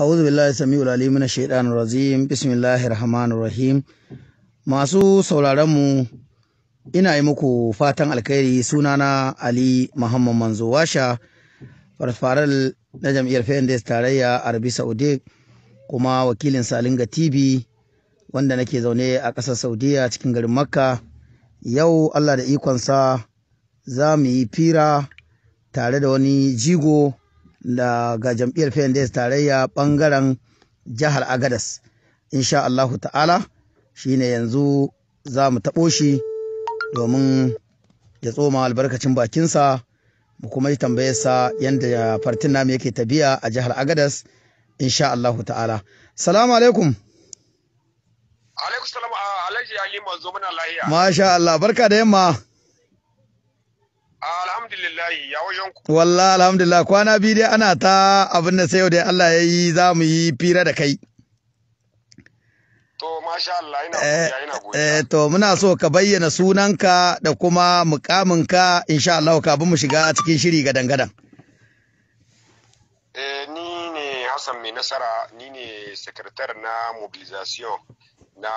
A'udhu billahi sami'ul alim minash shaitanir rajim. Bismillahir rahmanir rahim. Masu sauraron mu ina yi muku fatan alkhairi sunana Ali Muhammad Manzo Washa farfaral na jam'iyyar Fendes tarayya Arabi Saudi kuma wakilin Salinga TV wanda nake zaune a ƙasar Saudiya cikin garin Makka. Yau Allah da ikonsa za mu yi fira tare da wani jigo ga jam'iyyar PNDS tarayya bangaren jihar Agadas. Insha Allahu ta'ala shi ne yanzu za mu taɓo shi domin ya tsoma albarkacin bakinsa mu kuma yi tambayarsa yadda fartin namu yake tabiya a jihar Agadas insha Allahu ta'ala. Salamu alaikum. Alaikum salam Alhaji Ali Manzo muna lahiya. Masha Allah barka da yamma. alhamdulillahi ya wajen ku. Wallah alhamdulillah kwana biyu dai ana ta abin da sai yau dai Allah ya yi za mu yi fira da kai. To masha Allah ina eh, godiya ina godiya. Eh to muna so ka bayyana sunanka da kuma mukaminka insha Allah bi mu shiga cikin shiri ga dangadan. Eh ni ne Hassan mai nasara ni ne sekretar na mobilization na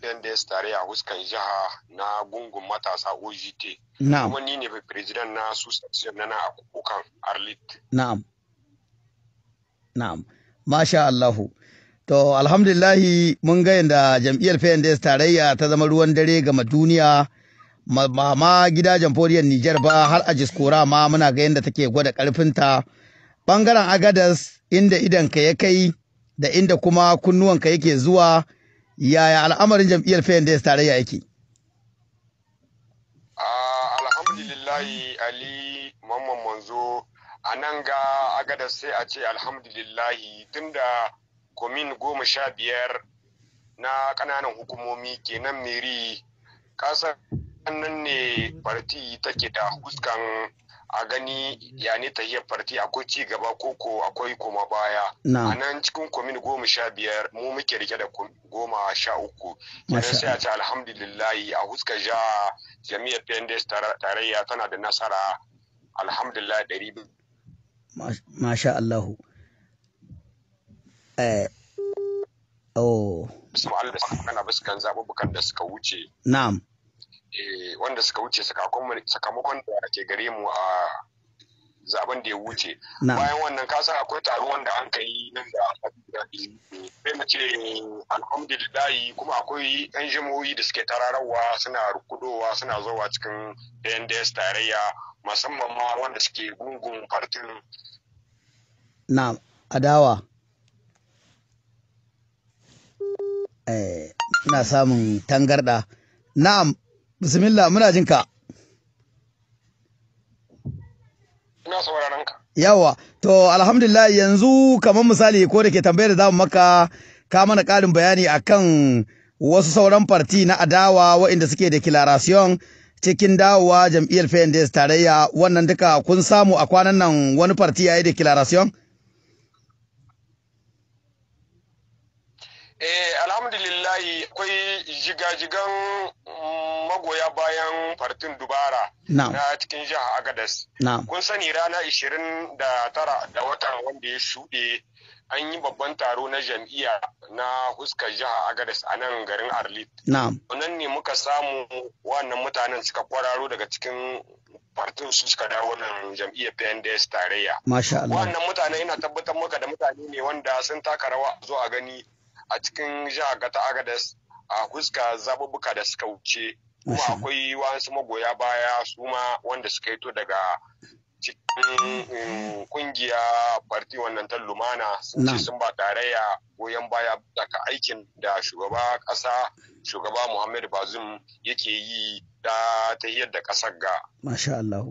pendes tare a huskan jiha na gungun matasa ogt kuma ni ne president na su na na kukan arlit na'am na'am masha allahu to alhamdulillahi mun ga da jam'iyyar Fendes tarayya ta zama ruwan dare gama duniya ma ma gidajen foriyar Nijar ba har a jiskora ma muna ga yadda take gwada karfinta bangaren agadas inda idanka ya kai da inda kuma kunnuwanka yake zuwa yaya al'amarin jam'iyyar PNDS tarayya yake? Alhamdulillahi Ali Mamman Manzo a nan ga agada sai a ce alhamdulillahi tunda komin goma sha biyar na ƙananan hukumomi kenan meri kasan nan ne farti take da huskan a gani ya ne hiyar farti akwai ci gaba ko ko akwai koma baya a nan cikin komin goma sha biyar mu muke rike da goma sha uku kenan sai a ce alhamdulillahi a huska ja jami'ar pendes tarayya tana da nasara alhamdulillah ɗari masha Allahu eh oh bismillah da suka zaɓuɓɓukan da suka wuce na'am Eh, wanda suka wuce sakamakon da ke gare mu a zaben da ya wuce bayan wannan kasan akwai taro wanda an kai nan da sai na ce alhamdulillah kuma akwai yan jimoyi da suke tararawa suna rukudowa suna zuwa cikin dns tarayya musamman ma wanda suke gungun fartin na adawa eh, ina samun tangarda na'am Bismillah muna jin ka. Ina sauraron ka. Yawa, to alhamdulillah yanzu kamar misali ko da ke tambayar da maka ka mana ƙarin bayani akan wasu sauran farti na adawa waɗanda suke da kilarasiyon cikin dawowa jam'iyyar PNDS tarayya wannan duka kun samu a kwanan nan wani farti yayi da kilarasiyon? Eh, alhamdulillahi akwai jigajigan mm, magoya bayan fartin dubara na cikin jiha Agadas. Kun sani rana 29 da watan wanda ya shuɗe an yi babban taro na jam'iyya na huskar jiha Agadas a nan garin Arlit. Nan ne muka samu wannan mutanen suka kwararo daga cikin fartin su suka dawo wannan jam'iyyar PNDS tarayya. Wannan mutane ina tabbatar maka da mutane ne wanda sun taka rawa zo a gani a cikin jihar gata agadas a huska zabubuka da suka wuce kuma akwai wasu magoya baya su ma wanda suka hito daga cikin kungiya eh, farti, wannan ta lumana sun ce sun ba tarayya goyon baya daga aikin da shugaba kasa shugaba muhammadu bazum yake yi da ta yadda kasar ga. Masha Allah.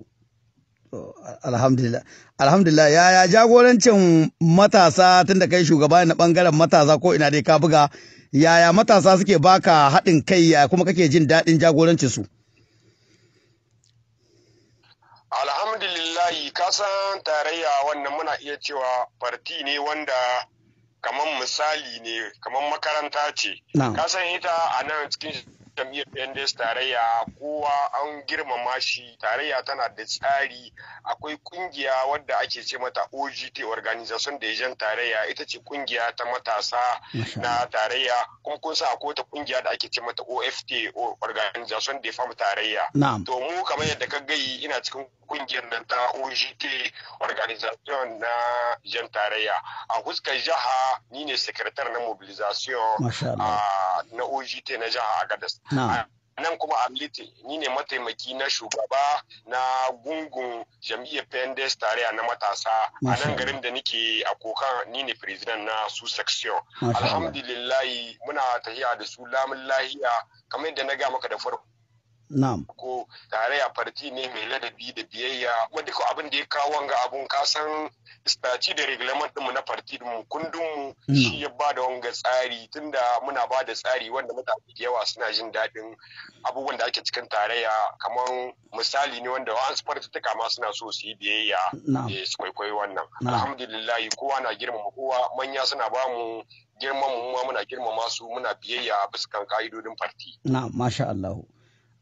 Alhamdulillah. Alhamdulillah yaya jagorancin matasa tunda kai shugaba na bangaren matasa ko ina dai ka buga yaya matasa suke baka haɗin kai ya kuma kake jin daɗin jagorancin su. ka kasan tarayya wannan muna iya cewa farti ne wanda kamar misali ne kamar makaranta ce. Kasan ita a nan cikin jam'iyyar PNDS tarayya kowa an girmama shi tarayya tana da tsari akwai kungiya wadda ake ce mata OGT Organization da jan tarayya ita ce kungiya ta matasa na tarayya kuma kun sa akwai ta kungiya da ake ce mata OFT Organization da fam tarayya. To mu kamar yadda ka gayi ina cikin kungiyar nan ta OGT Organization na jan tarayya a huskar jiha ni ne sekretar na mobilization ah, na OGT na jiha a Gadas. nan kuma amlite ni ne mataimaki na shugaba na gungun jam'iyyar pendes tarayya na matasa a nan garin da nike a kokan ni ne president na su section alhamdulillahi muna tahiya da su lamun lahiya kamar yadda na ga maka da farko ko tarayya farti ne mai ladabi da biyayya wanda ko abin da ya kawo wanga abun kasan staci da reglement mu na farti mu kundin mu shi ya ba da wanga tsari tunda muna ba da tsari wanda mutane da yawa suna jin daɗin abubuwan da ake cikin tarayya kamar misali ne wanda wa'ansu ta ma suna so su yi biyayya eh, su kwaikwayi wannan alhamdulillah kowa na girmama kowa manya suna ba mu girmama mu muna girmama su muna biyayya bisa kan ka'idodin farti Na'am, masha Allah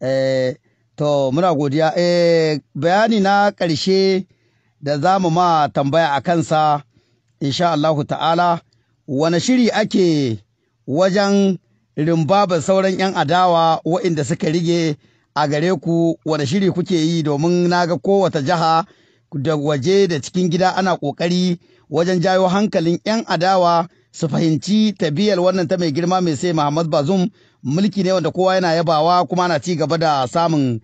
Eh, to muna godiya eh, bayani na ƙarshe da za mu ma tambaya a kansa insha Allahu ta'ala wani shiri ake wajen rimbabar sauran 'yan adawa waɗanda suka rige a gare ku wani shiri kuke yi domin na ga kowace jiha da waje da cikin gida ana ƙoƙari wajen jawo hankalin 'yan adawa su fahimci tabiyar wannan ta mai girma mai sai Muhammad Bazum mulki ne wanda kowa yana yabawa kuma ana ci gaba da samun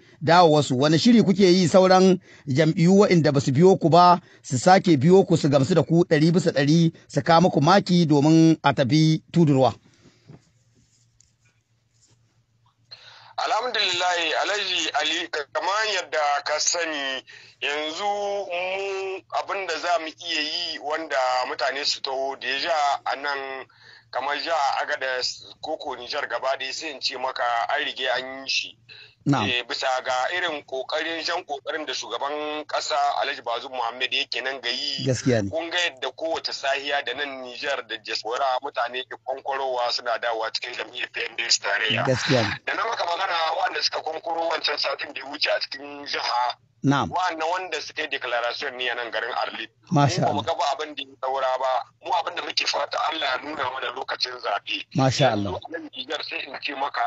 wasu wani shiri kuke yi sauran jam'iyyu waɗanda ba su biyo ku ba su sake biyo ku su gamsu da ku ɗari bisa ɗari su kama ku maki domin a tafi tudurwa. Alhamdulillah alhaji ali kamar yadda ka sani yanzu mu abin da za mu iya yi wanda mutane su taho da ya ja a nan kamar ja da koko nijar gaba da sai in ce maka an rige an yi shi Eh, bisa ga irin kokarin jan kokarin da shugaban kasa Alhaji bazu Muhammad yake nan ga yi kun ga yadda kowace sahiya da nan Niger da Jaswara mutane ke kwankwarowa suna dawowa cikin jam'iyyar PNDS tarayya da na maka magana wanda suka kwankwaro wancan satin da ya wuce a cikin jiha wa'annan wanda suka yi declaration ne nan garin Arlit. Masha Allah. Kuma ga ba abin da ya saura ba, mu abin da muke fata Allah ya nuna mana lokacin zaɓe. Masha Allah. Wannan jigar sai in ce maka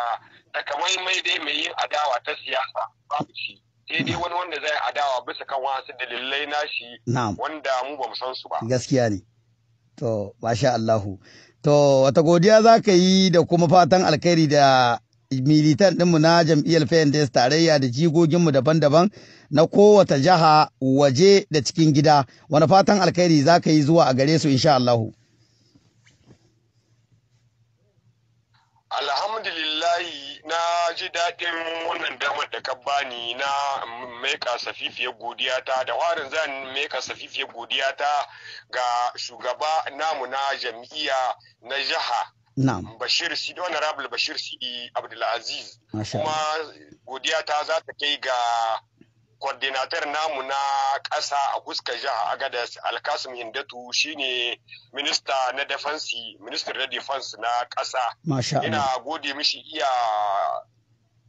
takamaimai dai mai yin adawa ta siyasa babu shi. sai dai wani wanda zai adawa bisa kan wasu dalilai nashi wanda mu ba mu san su ba. Gaskiya ne. To, masha Allahu. To, wata godiya za ka yi da kuma fatan alkhairi da militan ɗinmu na jam'iyyar Fendes tarayya da jigoginmu daban-daban na kowace jiha waje da cikin gida wani fatan alkhairi za ka yi zuwa a gare su insha Allahu. Alhamdulillahi na ji daɗin wannan damar da ka bani na maika safifiyar godiya da warin zan maika safifiyar godiyata ga shugaba namu na jam'iyya na jiha Bashir Sidi Honorable Bashir Sidi Abdulaziz. Kuma godiya ta za ta kai ga coordinator namu na ƙasa a kuska jiha Agadas Alkasim Hindatu shine minista na defansi, minister na defense na ƙasa. Ina gode mishi iya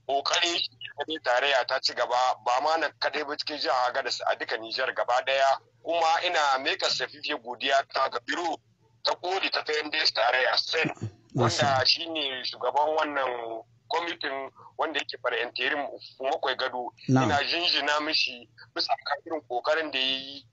ƙoƙarin ne tarayya ta ci gaba ba ma na kadai ba cikin jiha Agadas a duka Nijar gaba daya kuma ina meka safife godiya ta ga biro ta kodi ta ta tare tarayya sen wanda ne shugaban wannan kwamitin wanda yake fara interim makwai gado ina jinjina mishi bisa kafin kokarin da ya yi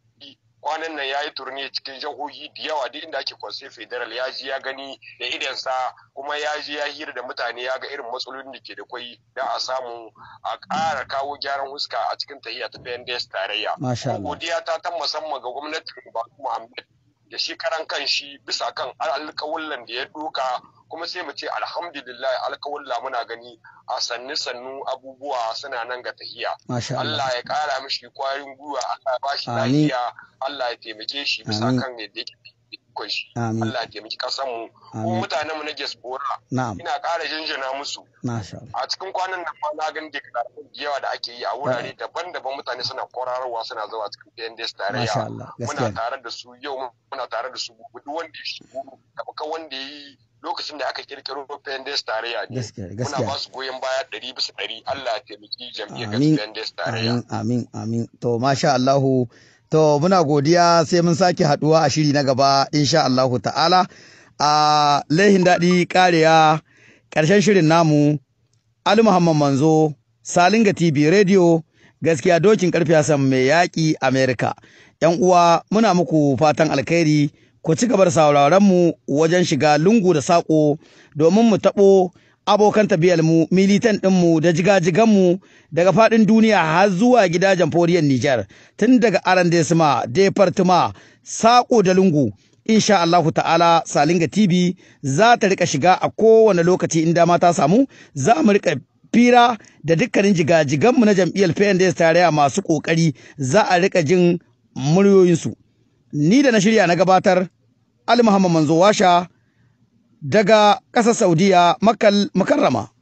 kwanan nan ya yi turne cikin jihohi da yawa duk inda ake kwasai federal ya ji ya gani da idansa kuma ya ji ya hira da mutane ya ga irin matsalolin da ke da kwai da a samu a ƙara kawo gyaran huska a cikin tahiya ta PNDS tarayya. Godiya ta ta musamman ga gwamnatin ba Muhammad da shi karan kan shi bisa kan alƙawullan da ya doka kuma sai mu ce alhamdulillah alkawalla muna gani a sannu sannu abubuwa suna nan ga tahiya Allah ya kara mishi kwarin gwiwa Allah ya shi lafiya Allah ya taimake shi bisa kan yadda yake ikon shi Allah ya taimaki kasan mu ko mutanen mu na diaspora ina ƙara jinjina musu a cikin kwanan nan ma na gani da yawa da ake yi a wurare eh. daban-daban mutane suna kwararwa suna zuwa cikin PNDS tarayya muna tare da su yau muna tare da su duk wanda ya shigo da wanda ya yi lokacin da aka kirkiro fendes tarayya ne muna ba su goyon baya ɗari bisa ɗari Allah taimaki jam'iyyar fendes tarayya amin amin to masha Allahu to muna godiya sai mun sake haduwa a shiri na gaba insha Allahu ta'ala a laihin daɗi ƙariya ƙarshen shirin namu Ali Muhammad Manzo Salinga TV Radio gaskiya dokin karfi Hassan mai yaƙi Amerika yan uwa muna muku fatan alkhairi ku ci gaba da sauraron mu wajen shiga lungu da saƙo domin mu taɓo abokan tabiyarmu mu militan ɗinmu da jigajigan mu daga faɗin duniya har zuwa gida jamforiyar Nijar tun daga Arandesima, Departima, Saƙo da Lungu. Insha Allahu ta'ala Salinga TV za ta rika shiga a kowane lokaci inda dama ta samu za mu rika fira da dukkanin jigajiganmu na jam'iyyar PNDS tare masu ƙoƙari za a rika jin muryoyinsu. ni da na shirya na gabatar Ali Muhammad Manzo Washa daga ƙasar Saudiya Makarrama.